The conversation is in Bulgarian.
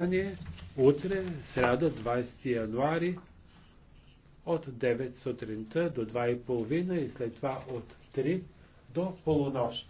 Събрание утре, сряда, 20 януари, от 9 сутринта до 2.30 и и след това от 3 до полунощ.